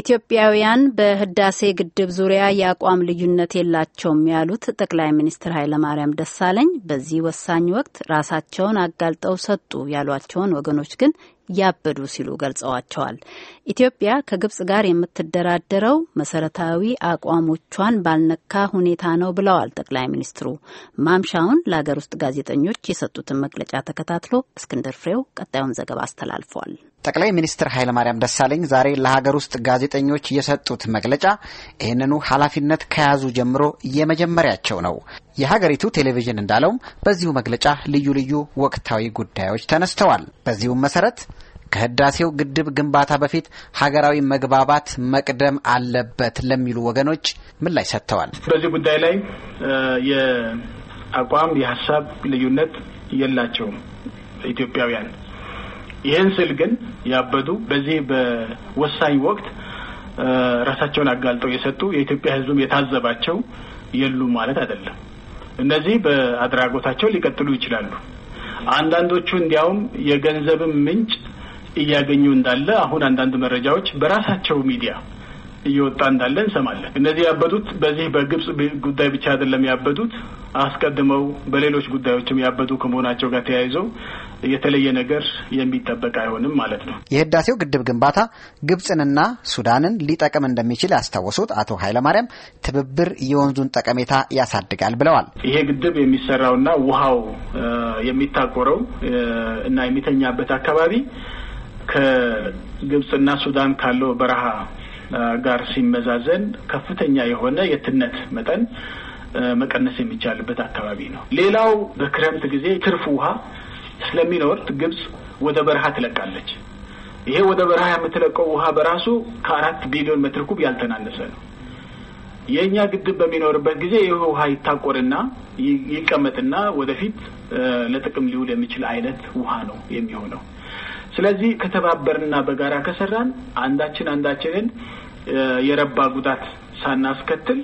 ኢትዮጵያውያን በህዳሴ ግድብ ዙሪያ የአቋም ልዩነት የላቸውም ያሉት ጠቅላይ ሚኒስትር ኃይለማርያም ደሳለኝ በዚህ ወሳኝ ወቅት ራሳቸውን አጋልጠው ሰጡ ያሏቸውን ወገኖች ግን ያበዱ ሲሉ ገልጸዋቸዋል። ኢትዮጵያ ከግብጽ ጋር የምትደራደረው መሰረታዊ አቋሞቿን ባልነካ ሁኔታ ነው ብለዋል ጠቅላይ ሚኒስትሩ። ማምሻውን ለሀገር ውስጥ ጋዜጠኞች የሰጡትን መግለጫ ተከታትሎ እስክንድር ፍሬው ቀጣዩን ዘገባ አስተላልፏል። ጠቅላይ ሚኒስትር ኃይለማርያም ደሳለኝ ዛሬ ለሀገር ውስጥ ጋዜጠኞች የሰጡት መግለጫ ይህንኑ ኃላፊነት ከያዙ ጀምሮ የመጀመሪያቸው ነው። የሀገሪቱ ቴሌቪዥን እንዳለውም በዚሁ መግለጫ ልዩ ልዩ ወቅታዊ ጉዳዮች ተነስተዋል። በዚሁም መሰረት ከህዳሴው ግድብ ግንባታ በፊት ሀገራዊ መግባባት መቅደም አለበት ለሚሉ ወገኖች ምላሽ ሰጥተዋል። በዚህ ጉዳይ ላይ የአቋም የሀሳብ ልዩነት የላቸውም ኢትዮጵያውያን ይህን ስል ግን ያበዱ በዚህ በወሳኝ ወቅት ራሳቸውን አጋልጠው የሰጡ የኢትዮጵያ ሕዝብም የታዘባቸው የሉም ማለት አይደለም። እነዚህ በአድራጎታቸው ሊቀጥሉ ይችላሉ። አንዳንዶቹ እንዲያውም የገንዘብም ምንጭ እያገኙ እንዳለ አሁን አንዳንድ መረጃዎች በራሳቸው ሚዲያ እየወጣ እንዳለ እንሰማለን። እነዚህ ያበጡት በዚህ በግብጽ ጉዳይ ብቻ አይደለም ያበጡት፣ አስቀድመው በሌሎች ጉዳዮችም ያበጡ ከመሆናቸው ጋር ተያይዘው የተለየ ነገር የሚጠበቅ አይሆንም ማለት ነው። የህዳሴው ግድብ ግንባታ ግብጽንና ሱዳንን ሊጠቅም እንደሚችል ያስታወሱት አቶ ኃይለማርያም ትብብር የወንዙን ጠቀሜታ ያሳድጋል ብለዋል። ይሄ ግድብ የሚሰራውና ውሃው የሚታቆረው እና የሚተኛበት አካባቢ ከግብጽና ሱዳን ካለው በረሃ ጋር ሲመዛዘን ከፍተኛ የሆነ የትነት መጠን መቀነስ የሚቻልበት አካባቢ ነው። ሌላው በክረምት ጊዜ ትርፍ ውሃ ስለሚኖር ግብጽ ወደ በረሃ ትለቃለች። ይሄ ወደ በረሃ የምትለቀው ውሃ በራሱ ከአራት ቢሊዮን ሜትር ኩብ ያልተናነሰ ነው። የእኛ ግድብ በሚኖርበት ጊዜ ይህ ውሃ ይታቆርና ይቀመጥና ወደፊት ለጥቅም ሊውል የሚችል አይነት ውሃ ነው የሚሆነው። ስለዚህ ከተባበርና በጋራ ከሰራን አንዳችን አንዳችንን የረባ ጉዳት ሳናስከትል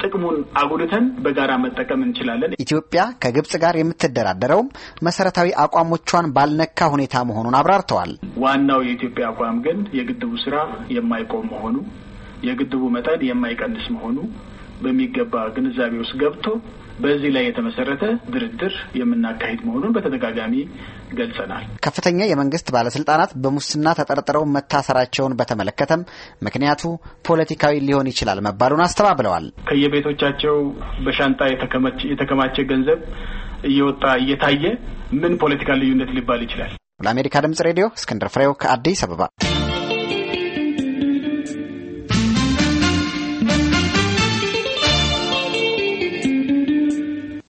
ጥቅሙን አጉልተን በጋራ መጠቀም እንችላለን። ኢትዮጵያ ከግብጽ ጋር የምትደራደረውም መሰረታዊ አቋሞቿን ባልነካ ሁኔታ መሆኑን አብራርተዋል። ዋናው የኢትዮጵያ አቋም ግን የግድቡ ስራ የማይቆም መሆኑ፣ የግድቡ መጠን የማይቀንስ መሆኑ በሚገባ ግንዛቤ ውስጥ ገብቶ በዚህ ላይ የተመሰረተ ድርድር የምናካሄድ መሆኑን በተደጋጋሚ ገልጸናል። ከፍተኛ የመንግስት ባለስልጣናት በሙስና ተጠርጥረው መታሰራቸውን በተመለከተም ምክንያቱ ፖለቲካዊ ሊሆን ይችላል መባሉን አስተባብለዋል። ከየቤቶቻቸው በሻንጣ የተከማቸ ገንዘብ እየወጣ እየታየ ምን ፖለቲካ ልዩነት ሊባል ይችላል? ለአሜሪካ ድምጽ ሬዲዮ እስክንድር ፍሬው ከአዲስ አበባ